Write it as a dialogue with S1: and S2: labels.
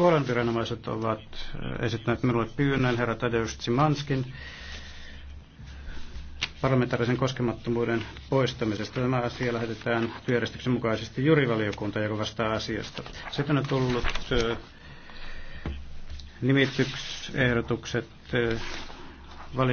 S1: Puolan viranomaiset ovat esittäneet minulle pyynnön herra Tadeusz Simanskin parlamentaarisen koskemattomuuden poistamisesta. Tämä asia lähetetään työjärjestyksen mukaisesti jurivaliokuntaan, joka vastaa asiasta. Sitten on tullut
S2: nimityksehdotukset valiokunnan